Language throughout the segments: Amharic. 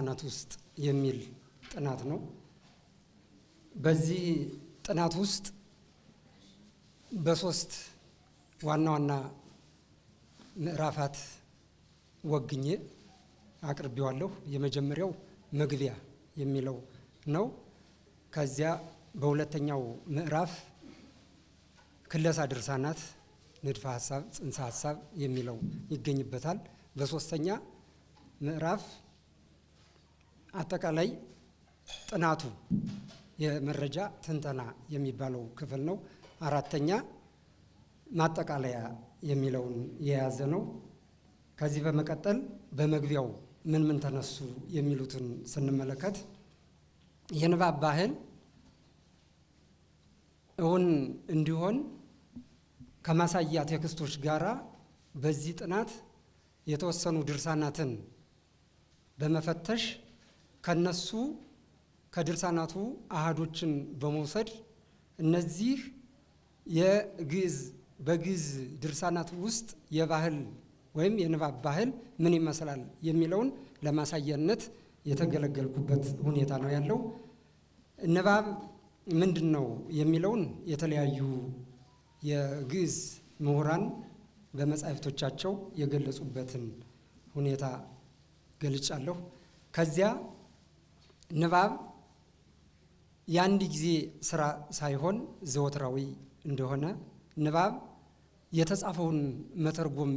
ሕፃናት ውስጥ የሚል ጥናት ነው። በዚህ ጥናት ውስጥ በሶስት ዋና ዋና ምዕራፋት ወግኜ አቅርቤዋለሁ። የመጀመሪያው መግቢያ የሚለው ነው። ከዚያ በሁለተኛው ምዕራፍ ክለሳ ድርሳናት፣ ንድፈ ሀሳብ፣ ጽንሰ ሀሳብ የሚለው ይገኝበታል። በሶስተኛ ምዕራፍ አጠቃላይ ጥናቱ የመረጃ ትንተና የሚባለው ክፍል ነው። አራተኛ ማጠቃለያ የሚለውን የያዘ ነው። ከዚህ በመቀጠል በመግቢያው ምን ምን ተነሱ የሚሉትን ስንመለከት የንባብ ባህል እውን እንዲሆን ከማሳያ ቴክስቶች ጋራ በዚህ ጥናት የተወሰኑ ድርሳናትን በመፈተሽ ከነሱ ከድርሳናቱ አሃዶችን በመውሰድ እነዚህ የግዕዝ በግዕዝ ድርሳናት ውስጥ የባህል ወይም የንባብ ባህል ምን ይመስላል የሚለውን ለማሳያነት የተገለገልኩበት ሁኔታ ነው ያለው። ንባብ ምንድን ነው የሚለውን የተለያዩ የግዕዝ ምሁራን በመጻሕፍቶቻቸው የገለጹበትን ሁኔታ ገልጫለሁ። ከዚያ ንባብ የአንድ ጊዜ ስራ ሳይሆን ዘወትራዊ እንደሆነ ንባብ የተጻፈውን መተርጎም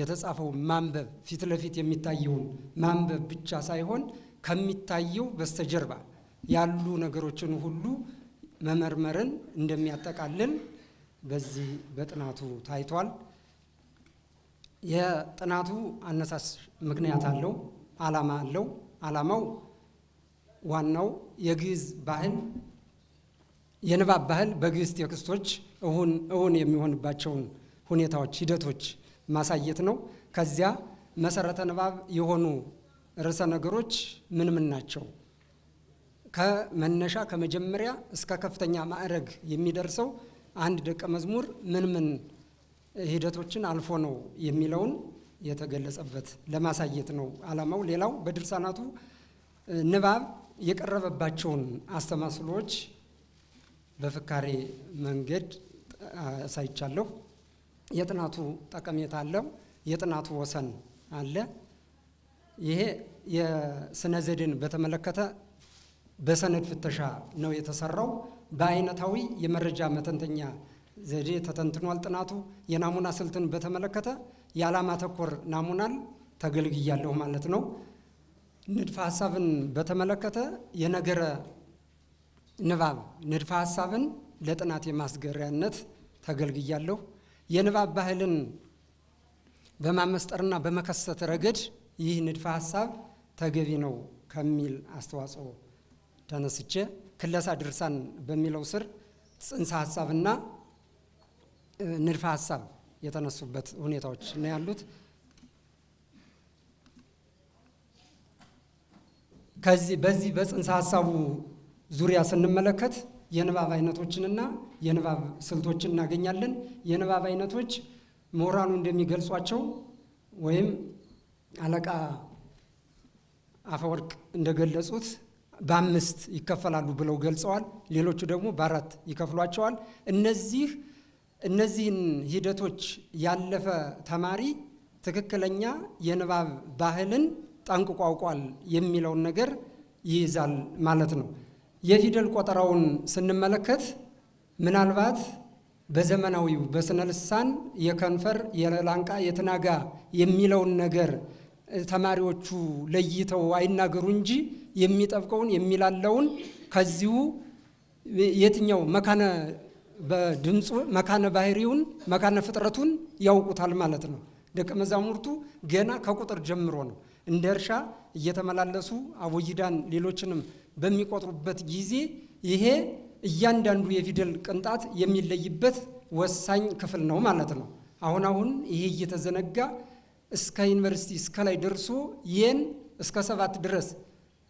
የተጻፈውን ማንበብ ፊት ለፊት የሚታየውን ማንበብ ብቻ ሳይሆን ከሚታየው በስተጀርባ ያሉ ነገሮችን ሁሉ መመርመርን እንደሚያጠቃልል በዚህ በጥናቱ ታይቷል። የጥናቱ አነሳስ ምክንያት አለው፣ አላማ አለው። አላማው። ዋናው የግዕዝ ባህል የንባብ ባህል በግዕዝ ቴክስቶች እሁን የሚሆንባቸውን ሁኔታዎች፣ ሂደቶች ማሳየት ነው። ከዚያ መሰረተ ንባብ የሆኑ ርዕሰ ነገሮች ምን ምን ናቸው? ከመነሻ ከመጀመሪያ እስከ ከፍተኛ ማዕረግ የሚደርሰው አንድ ደቀ መዝሙር ምን ምን ሂደቶችን አልፎ ነው የሚለውን የተገለጸበት ለማሳየት ነው ዓላማው። ሌላው በድርሳናቱ ንባብ የቀረበባቸውን አስተማስሎች በፍካሬ መንገድ አሳይቻለሁ። የጥናቱ ጠቀሜታ አለው። የጥናቱ ወሰን አለ። ይሄ የስነ ዘዴን በተመለከተ በሰነድ ፍተሻ ነው የተሰራው። በአይነታዊ የመረጃ መተንተኛ ዘዴ ተተንትኗል ጥናቱ። የናሙና ስልትን በተመለከተ የዓላማ ተኮር ናሙናን ተገልግያለሁ ማለት ነው። ንድፈ ሀሳብን በተመለከተ የነገረ ንባብ ንድፈ ሀሳብን ለጥናት የማስገሪያነት ተገልግያለሁ። የንባብ ባህልን በማመስጠርና በመከሰት ረገድ ይህ ንድፈ ሀሳብ ተገቢ ነው ከሚል አስተዋጽኦ ተነስቼ ክለሳ ድርሳን በሚለው ስር ጽንሰ ሀሳብና ንድፈ ሀሳብ የተነሱበት ሁኔታዎች ነው ያሉት። ከዚህ በዚህ በጽንሰ ሀሳቡ ዙሪያ ስንመለከት የንባብ አይነቶችንና የንባብ ስልቶችን እናገኛለን። የንባብ አይነቶች ምሁራኑ እንደሚገልጿቸው ወይም አለቃ አፈወርቅ እንደገለጹት በአምስት ይከፈላሉ ብለው ገልጸዋል። ሌሎቹ ደግሞ በአራት ይከፍሏቸዋል። እነዚህ እነዚህን ሂደቶች ያለፈ ተማሪ ትክክለኛ የንባብ ባህልን ጠንቅቆ አውቋል የሚለውን ነገር ይይዛል ማለት ነው። የፊደል ቆጠራውን ስንመለከት ምናልባት በዘመናዊው በስነ ልሳን የከንፈር፣ የላንቃ፣ የትናጋ የሚለውን ነገር ተማሪዎቹ ለይተው አይናገሩ እንጂ የሚጠብቀውን የሚላለውን ከዚሁ የትኛው መካነ በድምፁ መካነ ባህሪውን መካነ ፍጥረቱን ያውቁታል ማለት ነው። ደቀ መዛሙርቱ ገና ከቁጥር ጀምሮ ነው። እንደ እርሻ እየተመላለሱ አቦጊዳን ሌሎችንም በሚቆጥሩበት ጊዜ ይሄ እያንዳንዱ የፊደል ቅንጣት የሚለይበት ወሳኝ ክፍል ነው ማለት ነው። አሁን አሁን ይሄ እየተዘነጋ እስከ ዩኒቨርሲቲ እስከ ላይ ደርሶ ይህን እስከ ሰባት ድረስ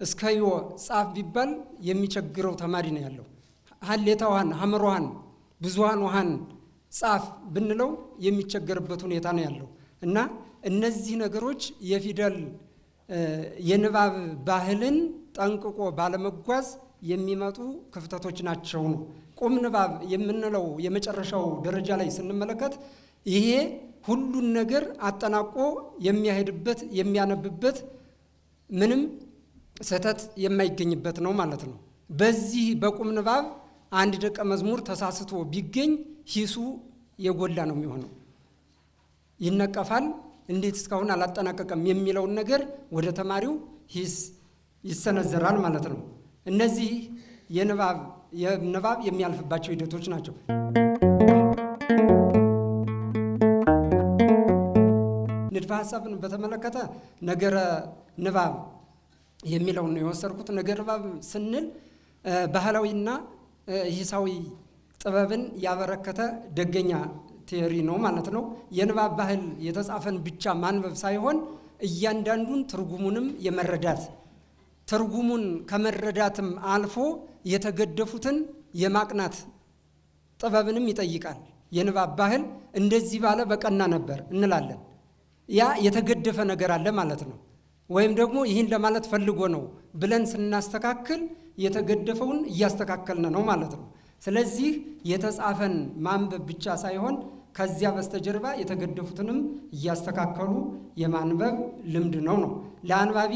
እስከ ዮ ጻፍ ቢባል የሚቸግረው ተማሪ ነው ያለው። ሀሌታ ውሃን ሀመር ውሃን ብዙሃን ውሃን ጻፍ ብንለው የሚቸገርበት ሁኔታ ነው ያለው እና እነዚህ ነገሮች የፊደል የንባብ ባህልን ጠንቅቆ ባለመጓዝ የሚመጡ ክፍተቶች ናቸው ነው። ቁም ንባብ የምንለው የመጨረሻው ደረጃ ላይ ስንመለከት ይሄ ሁሉን ነገር አጠናቆ የሚያሄድበት የሚያነብበት ምንም ስህተት የማይገኝበት ነው ማለት ነው። በዚህ በቁም ንባብ አንድ ደቀ መዝሙር ተሳስቶ ቢገኝ ሂሱ የጎላ ነው የሚሆነው፣ ይነቀፋል። እንዴት እስካሁን አላጠናቀቀም የሚለውን ነገር ወደ ተማሪው ሂስ ይሰነዘራል ማለት ነው። እነዚህ ንባብ የሚያልፍባቸው ሂደቶች ናቸው። ንድፈ ሀሳብን በተመለከተ ነገረ ንባብ የሚለውን ነው የወሰድኩት። ነገረ ንባብ ስንል ባህላዊና ሂሳዊ ጥበብን ያበረከተ ደገኛ ቴሪ ነው ማለት ነው። የንባብ ባህል የተጻፈን ብቻ ማንበብ ሳይሆን እያንዳንዱን ትርጉሙንም የመረዳት ትርጉሙን ከመረዳትም አልፎ የተገደፉትን የማቅናት ጥበብንም ይጠይቃል። የንባብ ባህል እንደዚህ ባለ በቀና ነበር እንላለን። ያ የተገደፈ ነገር አለ ማለት ነው። ወይም ደግሞ ይህን ለማለት ፈልጎ ነው ብለን ስናስተካክል የተገደፈውን እያስተካከልን ነው ማለት ነው። ስለዚህ የተጻፈን ማንበብ ብቻ ሳይሆን ከዚያ በስተጀርባ የተገደፉትንም እያስተካከሉ የማንበብ ልምድ ነው ነው ለአንባቢ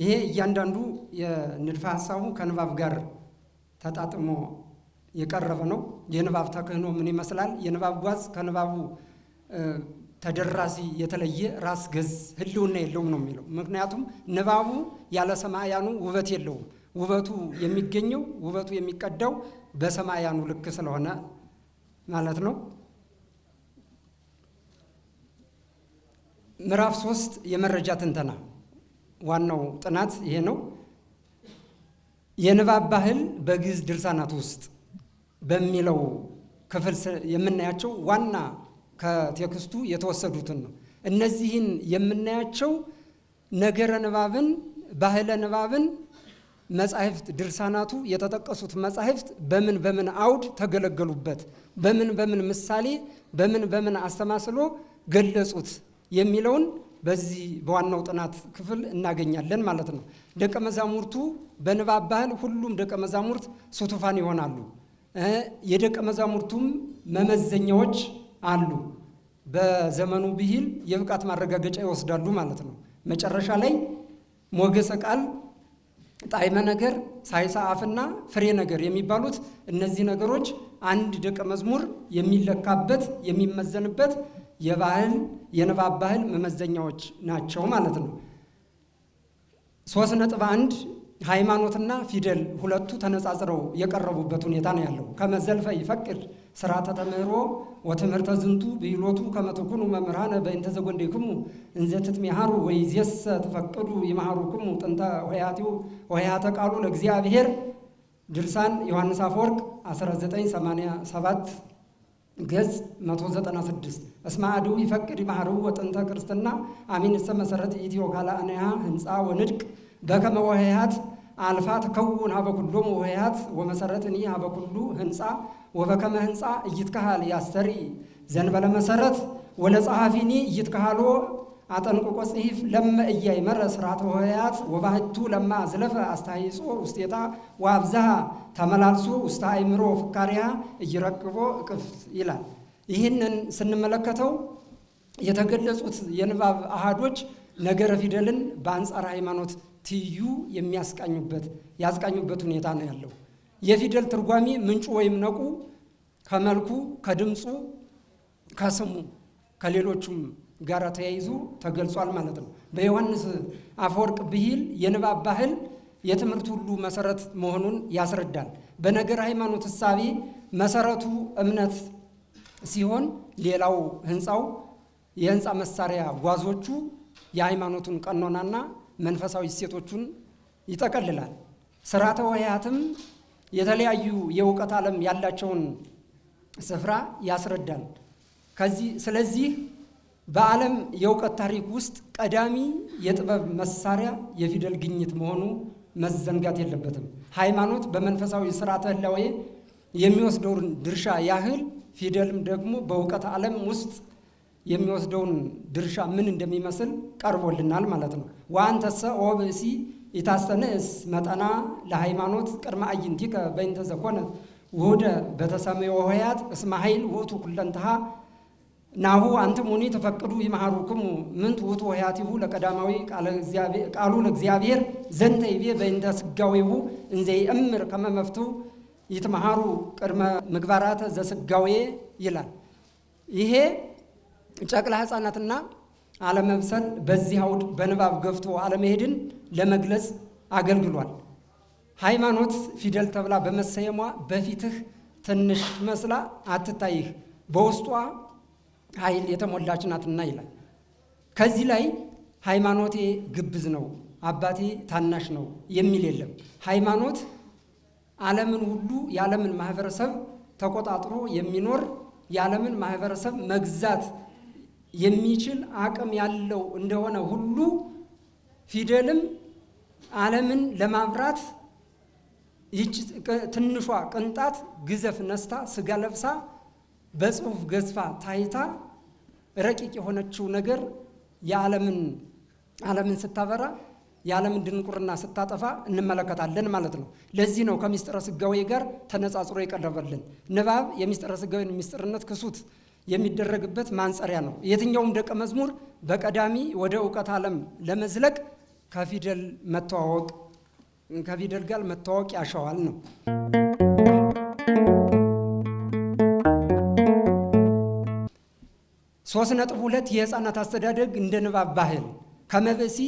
ይሄ እያንዳንዱ የንድፈ ሀሳቡ ከንባብ ጋር ተጣጥሞ የቀረበ ነው። የንባብ ተክህኖ ምን ይመስላል? የንባብ ጓዝ ከንባቡ ተደራሲ የተለየ ራስ ገዝ ህልውና የለውም ነው የሚለው። ምክንያቱም ንባቡ ያለ ሰማያኑ ውበት የለውም። ውበቱ የሚገኘው ውበቱ የሚቀዳው በሰማያኑ ልክ ስለሆነ ማለት ነው። ምዕራፍ ሶስት የመረጃ ትንተና ዋናው ጥናት ይሄ ነው። የንባብ ባህል በግዕዝ ድርሳናት ውስጥ በሚለው ክፍል የምናያቸው ዋና ከቴክስቱ የተወሰዱትን ነው። እነዚህን የምናያቸው ነገረ ንባብን፣ ባህለ ንባብን መጻሕፍት ድርሳናቱ የተጠቀሱት መጻሕፍት በምን በምን አውድ ተገለገሉበት፣ በምን በምን ምሳሌ፣ በምን በምን አስተማስሎ ገለጹት የሚለውን በዚህ በዋናው ጥናት ክፍል እናገኛለን ማለት ነው። ደቀ መዛሙርቱ በንባብ ባህል ሁሉም ደቀ መዛሙርት ሱቱፋን ይሆናሉ። የደቀ መዛሙርቱም መመዘኛዎች አሉ። በዘመኑ ብሂል የብቃት ማረጋገጫ ይወስዳሉ ማለት ነው። መጨረሻ ላይ ሞገሰ ቃል ጣዕመ ነገር፣ ሳይሳ አፍና ፍሬ ነገር የሚባሉት እነዚህ ነገሮች አንድ ደቀ መዝሙር የሚለካበት የሚመዘንበት የባህል የንባብ ባህል መመዘኛዎች ናቸው ማለት ነው። ሶስት ነጥብ አንድ ሃይማኖትና ፊደል ሁለቱ ተነጻጽረው የቀረቡበት ሁኔታ ነው ያለው። ከመዘልፈ ይፈቅድ ስርዓተ ተምህሮ ወትምህርተ ዝንቱ ብሎቱ ከመትኩኑ መምህራነ በእንተ ዘጐንደይክሙ እንዘ ትትሚሃሩ ወይዜሰ ትፈቅዱ ይምሃሩክሙ ጥንተ ሆያቲው ወህያተ ቃሉ ለእግዚአብሔር ድርሳን ዮሐንስ አፈወርቅ 1987 ገጽ 196 እስመ ይፈቅድ ይምሃሩ ወጥንተ ክርስትና አሚን እሰ መሰረት ኢትዮ ካልአንያ ህንፃ ወንድቅ በከመ ወህያት አልፋ ተከውን ሀበኩሎም ወህያት ወመሰረትኒ ሀበኩሉ ህንፃ ወበከመ ህንፃ እይትካሃል ያሰሪ ዘንበለ መሰረት ወለጸሐፊኒ እይትካሃሎ አጠንቅቆ ጽሒፍ ለመ መረ ስራተ ወህያት ወባህቱ ለማ ዝለፈ አስተሃይጾ ውስጤታ ወአብዛሃ ተመላልሶ ውስተ አእምሮ ፍካሪያ እይረክቦ እቅፍት ይላል። ይህንን ስንመለከተው የተገለጹት የንባብ አሃዶች ነገረ ፊደልን በአንጻር ሃይማኖት ትዩ የሚያስቃኙበት ያስቃኙበት ሁኔታ ነው ያለው። የፊደል ትርጓሜ ምንጩ ወይም ነቁ ከመልኩ ከድምፁ ከስሙ ከሌሎቹም ጋር ተያይዞ ተገልጿል ማለት ነው። በዮሐንስ አፈወርቅ ብሂል የንባብ ባህል የትምህርት ሁሉ መሰረት መሆኑን ያስረዳል። በነገር ሃይማኖት እሳቤ መሰረቱ እምነት ሲሆን ሌላው ህንፃው የህንፃ መሳሪያ ጓዞቹ የሃይማኖቱን ቀኖናና መንፈሳዊ እሴቶቹን ይጠቀልላል። ስርዓተ ወህያትም የተለያዩ የእውቀት ዓለም ያላቸውን ስፍራ ያስረዳል። ከዚህ ስለዚህ በዓለም የእውቀት ታሪክ ውስጥ ቀዳሚ የጥበብ መሳሪያ የፊደል ግኝት መሆኑ መዘንጋት የለበትም። ሃይማኖት በመንፈሳዊ ስርዓተ ህላዌ የሚወስደውን ድርሻ ያህል ፊደልም ደግሞ በእውቀት ዓለም ውስጥ የሚወስደውን ድርሻ ምን እንደሚመስል ቀርቦልናል ማለት ነው። ዋንተሰ ኦብእሲ ኢታስተንእስ መጠና ለሃይማኖት ቅድመ አዕይንቲከ በእንተ ዘኮነ ውህደ በተሰመየ ወህያት እስመ ኃይል ውእቱ ኩለንትሃ ናሁ አንተ ሙኒ ተፈቅዱ ይመሃሩክሙ ምንት ውእቱ ወህያቲሁ ለቀዳማዊ ቃሉ ለእግዚአብሔር ዘንተ ይቤ በእንተ ስጋዊሁ እንዘይ እምር ከመመፍቱ መፍትሁ ይትመሃሩ ቅድመ ምግባራተ ዘስጋዌ ይላል ይሄ ጨቅላ ህፃናትና አለመብሰል በዚህ አውድ በንባብ ገፍቶ አለመሄድን ለመግለጽ አገልግሏል። ሃይማኖት ፊደል ተብላ በመሰየሟ በፊትህ ትንሽ መስላ አትታይህ፣ በውስጧ ኃይል የተሞላች ናትና ይላል። ከዚህ ላይ ሃይማኖቴ ግብዝ ነው፣ አባቴ ታናሽ ነው የሚል የለም። ሃይማኖት ዓለምን ሁሉ የዓለምን ማህበረሰብ ተቆጣጥሮ የሚኖር የዓለምን ማህበረሰብ መግዛት የሚችል አቅም ያለው እንደሆነ ሁሉ ፊደልም ዓለምን ለማብራት ይች ትንሿ ቅንጣት ግዘፍ ነስታ ስጋ ለብሳ በጽሁፍ ገዝፋ ታይታ ረቂቅ የሆነችው ነገር የዓለምን ዓለምን ስታበራ የዓለምን ድንቁርና ስታጠፋ እንመለከታለን ማለት ነው። ለዚህ ነው ከሚስጥረ ስጋዌ ጋር ተነጻጽሮ የቀረበልን ንባብ የሚስጥረ ስጋዌን ሚስጥርነት ክሱት የሚደረግበት ማንጸሪያ ነው። የትኛውም ደቀ መዝሙር በቀዳሚ ወደ እውቀት ዓለም ለመዝለቅ ከፊደል መተዋወቅ ከፊደል ጋር መተዋወቅ ያሻዋል ነው። ሶስት ነጥብ ሁለት የህፃናት አስተዳደግ እንደ ንባብ ባህል ከመበሲ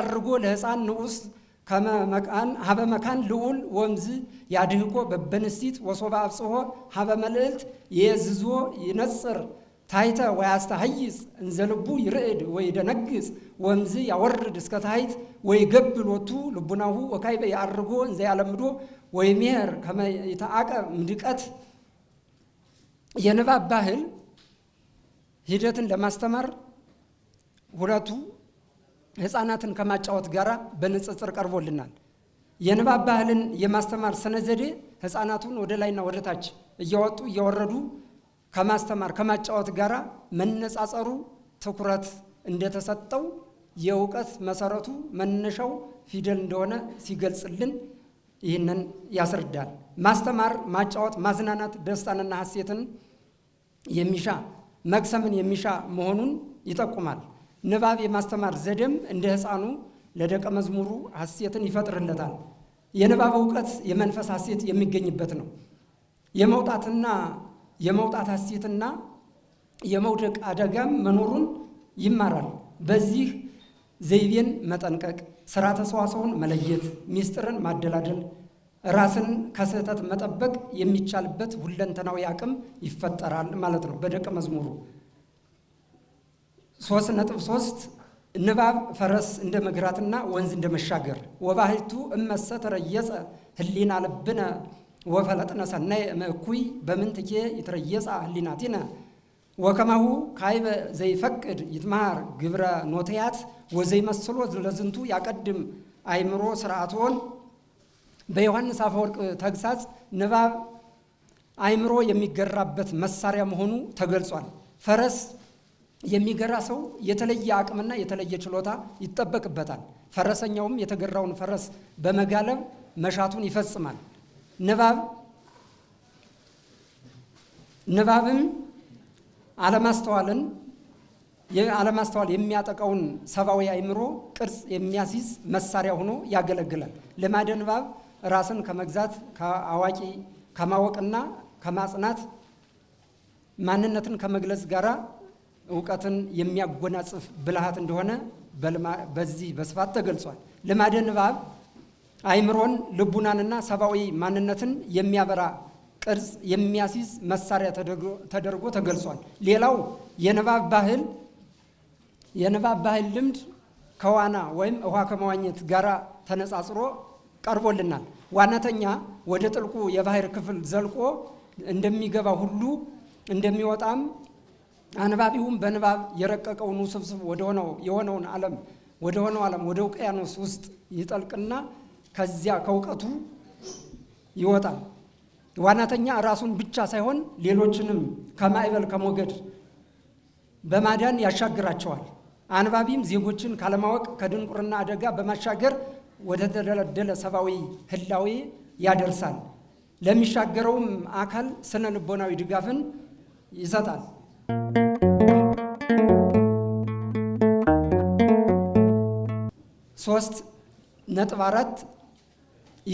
አድርጎ ለህፃን ንዑስ ሀበ መካን ልዑል ወምዝ ያድህቆ በበንሲት ወሶባ አብጽሖ ሀበ መልእልት የዝዞ ይነጽር ታይተ ወያስተሐይጽ እንዘልቡ ይርዕድ ወይ ደነግጽ ወምዝ ያወርድ እስከ ታይት ወይ ገብል ወቱ ልቡናሁ ወካይበ ያአርጎ እንዘ ያለምዶ ወይ ሜር ከመ ይተአቀብ ምድቀት የንባብ ባህል ሂደትን ለማስተማር ሁለቱ ህፃናትን ከማጫወት ጋር በንጽጽር ቀርቦልናል። የንባብ ባህልን የማስተማር ስነ ዘዴ ህፃናቱን ወደ ላይና ወደ ታች እያወጡ እያወረዱ ከማስተማር ከማጫወት ጋር መነጻጸሩ ትኩረት እንደተሰጠው የእውቀት መሰረቱ መነሻው ፊደል እንደሆነ ሲገልጽልን ይህንን ያስረዳል። ማስተማር፣ ማጫወት፣ ማዝናናት ደስታንና ሀሴትን የሚሻ መቅሰምን የሚሻ መሆኑን ይጠቁማል። ንባብ የማስተማር ዘዴም እንደ ሕፃኑ ለደቀ መዝሙሩ ሐሴትን ይፈጥርለታል። የንባብ እውቀት የመንፈስ ሐሴት የሚገኝበት ነው። የመውጣትና የመውጣት ሐሴትና የመውደቅ አደጋም መኖሩን ይማራል። በዚህ ዘይቤን መጠንቀቅ፣ ስርዓተ ሰዋሰውን መለየት፣ ሚስጥርን ማደላደል፣ ራስን ከስህተት መጠበቅ የሚቻልበት ሁለንተናዊ አቅም ይፈጠራል ማለት ነው በደቀ መዝሙሩ ሶስት ነጥብ ሶስት ንባብ ፈረስ እንደ መግራትና ወንዝ እንደ መሻገር ወባህቱ እመሰ ተረየጸ ህሊና ልብነ ወፈለጥነ ሰናይ እምእኩይ በምንትኬ ይትረየጻ ህሊናቲነ ወከማሁ ካይበ ዘይፈቅድ ይትማር ግብረ ኖተያት ወዘይመስሎ ለዝንቱ ያቀድም አይምሮ ስርዓቶን በዮሐንስ አፈወርቅ ተግሳጽ ንባብ አይምሮ የሚገራበት መሳሪያ መሆኑ ተገልጿል። ፈረስ የሚገራ ሰው የተለየ አቅምና የተለየ ችሎታ ይጠበቅበታል። ፈረሰኛውም የተገራውን ፈረስ በመጋለብ መሻቱን ይፈጽማል። ንባብ ንባብም አለማስተዋልን አለማስተዋል የሚያጠቃውን ሰብአዊ አእምሮ ቅርጽ የሚያስይዝ መሳሪያ ሆኖ ያገለግላል። ልማደ ንባብ ራስን ከመግዛት ከአዋቂ ከማወቅና ከማጽናት ማንነትን ከመግለጽ ጋራ እውቀትን የሚያጎናጽፍ ብልሃት እንደሆነ በዚህ በስፋት ተገልጿል። ልማደ ንባብ አይምሮን፣ ልቡናንና ሰብአዊ ማንነትን የሚያበራ ቅርጽ የሚያስይዝ መሳሪያ ተደርጎ ተገልጿል። ሌላው የንባብ ባህል የንባብ ባህል ልምድ ከዋና ወይም ውሃ ከመዋኘት ጋር ተነጻጽሮ ቀርቦልናል። ዋናተኛ ወደ ጥልቁ የባህር ክፍል ዘልቆ እንደሚገባ ሁሉ እንደሚወጣም አንባቢውም በንባብ የረቀቀውን ውስብስብ ወደሆነው የሆነውን ዓለም ወደሆነው ዓለም ወደ ውቅያኖስ ውስጥ ይጠልቅና ከዚያ ከእውቀቱ ይወጣል። ዋናተኛ ራሱን ብቻ ሳይሆን ሌሎችንም ከማዕበል ከሞገድ በማዳን ያሻግራቸዋል። አንባቢም ዜጎችን ካለማወቅ ከድንቁርና አደጋ በማሻገር ወደ ተደለደለ ሰብአዊ ህላዌ ያደርሳል። ለሚሻገረውም አካል ስነ ልቦናዊ ድጋፍን ይሰጣል። ሶስት ነጥብ አራት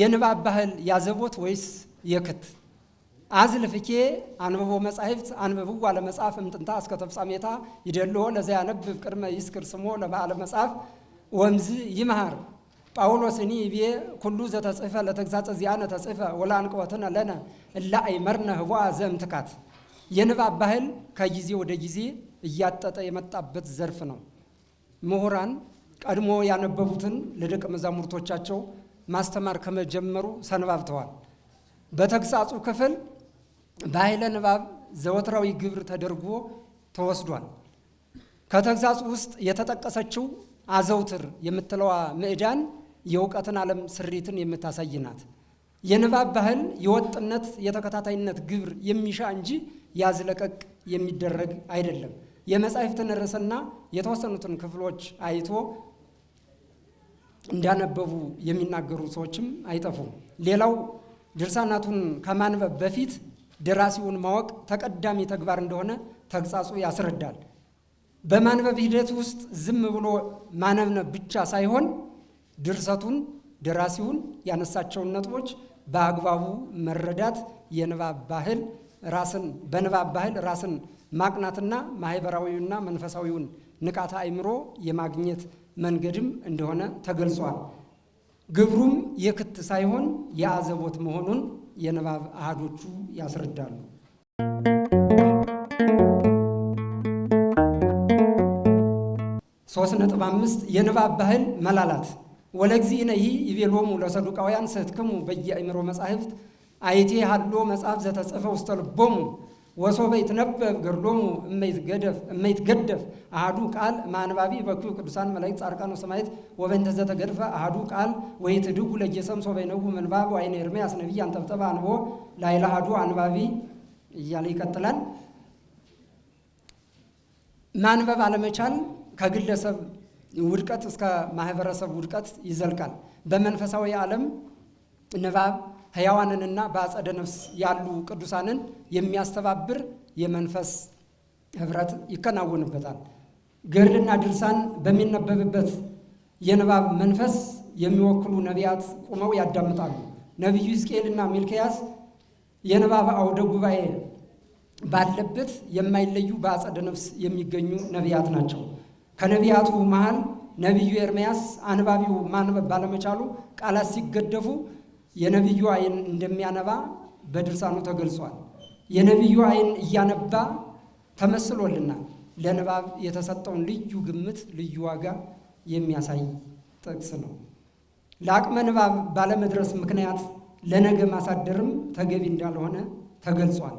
የንባብ ባህል ያዘቦት ወይስ የክት አዝልፍኬ አንብቦ መጻሕፍት አንብቡ ለመጽሐፍ እምጥንታ እስከ ተፍጻሜታ ይደልዎ ለዛ ያነብብ ቅድመ ይስክር ስሞ ለበዓለ መጽሐፍ ወምዝ ጳውሎስ ጳውሎስኒ ቤ ኩሉ ዘተጽሕፈ ለተግሳጸ ተጽፈ ወላ ወላአንቅወትነ ለነ እላ አይመርነ ህቧ ዘምትካት። የንባብ ባህል ከጊዜ ወደ ጊዜ እያጠጠ የመጣበት ዘርፍ ነው። ምሁራን ቀድሞ ያነበቡትን ለደቀ መዛሙርቶቻቸው ማስተማር ከመጀመሩ ሰነባብተዋል። በተግሳጹ ክፍል ባህለ ንባብ ዘወትራዊ ግብር ተደርጎ ተወስዷል። ከተግሳጹ ውስጥ የተጠቀሰችው አዘውትር የምትለዋ ምዕዳን የእውቀትን ዓለም ስሪትን የምታሳይ ናት። የንባብ ባህል የወጥነት የተከታታይነት ግብር የሚሻ እንጂ ያዝለቀቅ የሚደረግ አይደለም። የመጻሕፍትን ርዕስና የተወሰኑትን ክፍሎች አይቶ እንዳነበቡ የሚናገሩ ሰዎችም አይጠፉም። ሌላው ድርሳናቱን ከማንበብ በፊት ደራሲውን ማወቅ ተቀዳሚ ተግባር እንደሆነ ተግሳጹ ያስረዳል። በማንበብ ሂደት ውስጥ ዝም ብሎ ማነብነብ ብቻ ሳይሆን ድርሰቱን፣ ደራሲውን ያነሳቸውን ነጥቦች በአግባቡ መረዳት የንባብ ባህል ራስን በንባብ ባህል ራስን ማቅናትና ማህበራዊውና መንፈሳዊውን ንቃተ አእምሮ የማግኘት መንገድም እንደሆነ ተገልጿል። ግብሩም የክት ሳይሆን የአዘቦት መሆኑን የንባብ አህዶቹ ያስረዳሉ። ሶስት ነጥብ አምስት የንባብ ባህል መላላት ወለግዚእነ ይቤሎሙ ለሰዱቃውያን ስህትክሙ በየአእምሮ መጻሕፍት አይቴ ሀሎ መጽሐፍ ዘተጽፈ ውስተ ልቦሙ ወሶበ ይትነበብ ገድሎሙ እመይትገደፍ አህዱ ቃል ማንባቢ በኩ ቅዱሳን መላእክት ጻድቃን ወሰማዕት ወበእንተ ዘተገድፈ አህዱ ቃል ወይትድጉ ለጀሰም ሶበ ይነቡ ምንባብ ወአይነ ኤርምያስ ነቢይ አንጠብጠበ አንቦ ላይለ አህዱ አንባቢ እያለ ይቀጥላል። ማንበብ አለመቻል ከግለሰብ ውድቀት እስከ ማህበረሰብ ውድቀት ይዘልቃል። በመንፈሳዊ ዓለም ንባብ ሕያዋንንና በአጸደ ነፍስ ያሉ ቅዱሳንን የሚያስተባብር የመንፈስ ህብረት ይከናወንበታል። ገድልና ድርሳን በሚነበብበት የንባብ መንፈስ የሚወክሉ ነቢያት ቁመው ያዳምጣሉ። ነቢዩ ሕዝቅኤልና ሚልክያስ የንባብ አውደ ጉባኤ ባለበት የማይለዩ በአጸደ ነፍስ የሚገኙ ነቢያት ናቸው። ከነቢያቱ መሃል ነቢዩ ኤርምያስ አንባቢው ማንበብ ባለመቻሉ ቃላት ሲገደፉ የነቢዩ አይን እንደሚያነባ በድርሳኑ ተገልጿል። የነቢዩ አይን እያነባ ተመስሎልናል። ለንባብ የተሰጠውን ልዩ ግምት፣ ልዩ ዋጋ የሚያሳይ ጥቅስ ነው። ለአቅመ ንባብ ባለመድረስ ምክንያት ለነገ ማሳደርም ተገቢ እንዳልሆነ ተገልጿል።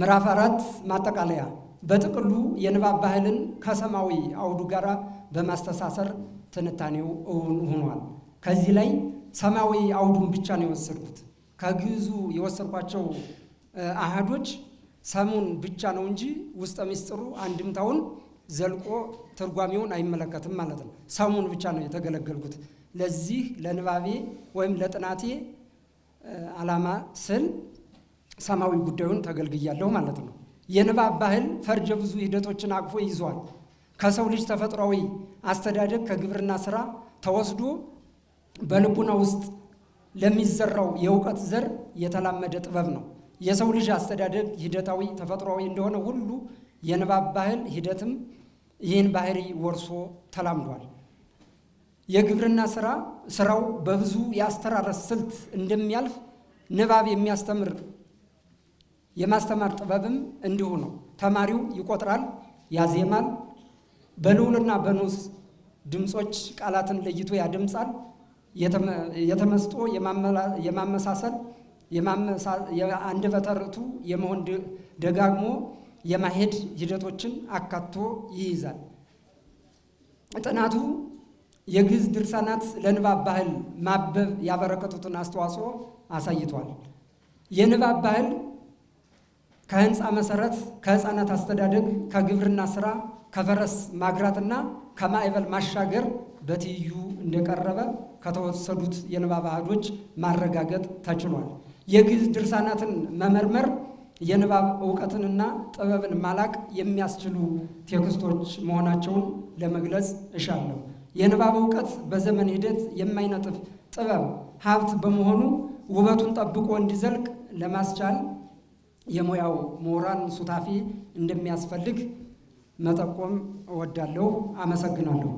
ምዕራፍ አራት ማጠቃለያ በጥቅሉ የንባብ ባህልን ከሰማዊ አውዱ ጋር በማስተሳሰር ትንታኔው እውን ሆኗል። ከዚህ ላይ ሰማዊ አውዱን ብቻ ነው የወሰድኩት። ከግዕዙ የወሰድኳቸው አህዶች ሰሙን ብቻ ነው እንጂ ውስጠ ምስጢሩ አንድምታውን ዘልቆ ትርጓሜውን አይመለከትም ማለት ነው። ሰሙን ብቻ ነው የተገለገልኩት። ለዚህ ለንባቤ ወይም ለጥናቴ ዓላማ ስል ሰማዊ ጉዳዩን ተገልግያለሁ ማለት ነው። የንባብ ባህል ፈርጀ ብዙ ሂደቶችን አቅፎ ይዟል። ከሰው ልጅ ተፈጥሯዊ አስተዳደግ ከግብርና ስራ ተወስዶ በልቡና ውስጥ ለሚዘራው የእውቀት ዘር የተላመደ ጥበብ ነው። የሰው ልጅ አስተዳደግ ሂደታዊ ተፈጥሯዊ እንደሆነ ሁሉ የንባብ ባህል ሂደትም ይህን ባህሪ ወርሶ ተላምዷል። የግብርና ስራ ስራው በብዙ የአስተራረስ ስልት እንደሚያልፍ ንባብ የሚያስተምር የማስተማር ጥበብም እንዲሁ ነው። ተማሪው ይቆጥራል፣ ያዜማል፣ በልዑልና በንዑስ ድምፆች ቃላትን ለይቶ ያደምጻል። የተመስጦ የማመሳሰል የአንደበተ ርቱዕ የመሆን ደጋግሞ የማሄድ ሂደቶችን አካቶ ይይዛል። ጥናቱ የግዕዝ ድርሳናት ለንባብ ባህል ማበብ ያበረከቱትን አስተዋጽኦ አሳይቷል። የንባብ ባህል ከህንፃ መሰረት፣ ከህፃናት አስተዳደግ፣ ከግብርና ስራ፣ ከፈረስ ማግራትና ከማዕበል ማሻገር በትይዩ እንደቀረበ ከተወሰዱት የንባብ አህዶች ማረጋገጥ ተችሏል። የግዕዝ ድርሳናትን መመርመር የንባብ እውቀትንና ጥበብን ማላቅ የሚያስችሉ ቴክስቶች መሆናቸውን ለመግለጽ እሻለሁ። የንባብ እውቀት በዘመን ሂደት የማይነጥፍ ጥበብ ሀብት በመሆኑ ውበቱን ጠብቆ እንዲዘልቅ ለማስቻል የሙያው ምሁራን ሱታፊ እንደሚያስፈልግ መጠቆም እወዳለሁ። አመሰግናለሁ።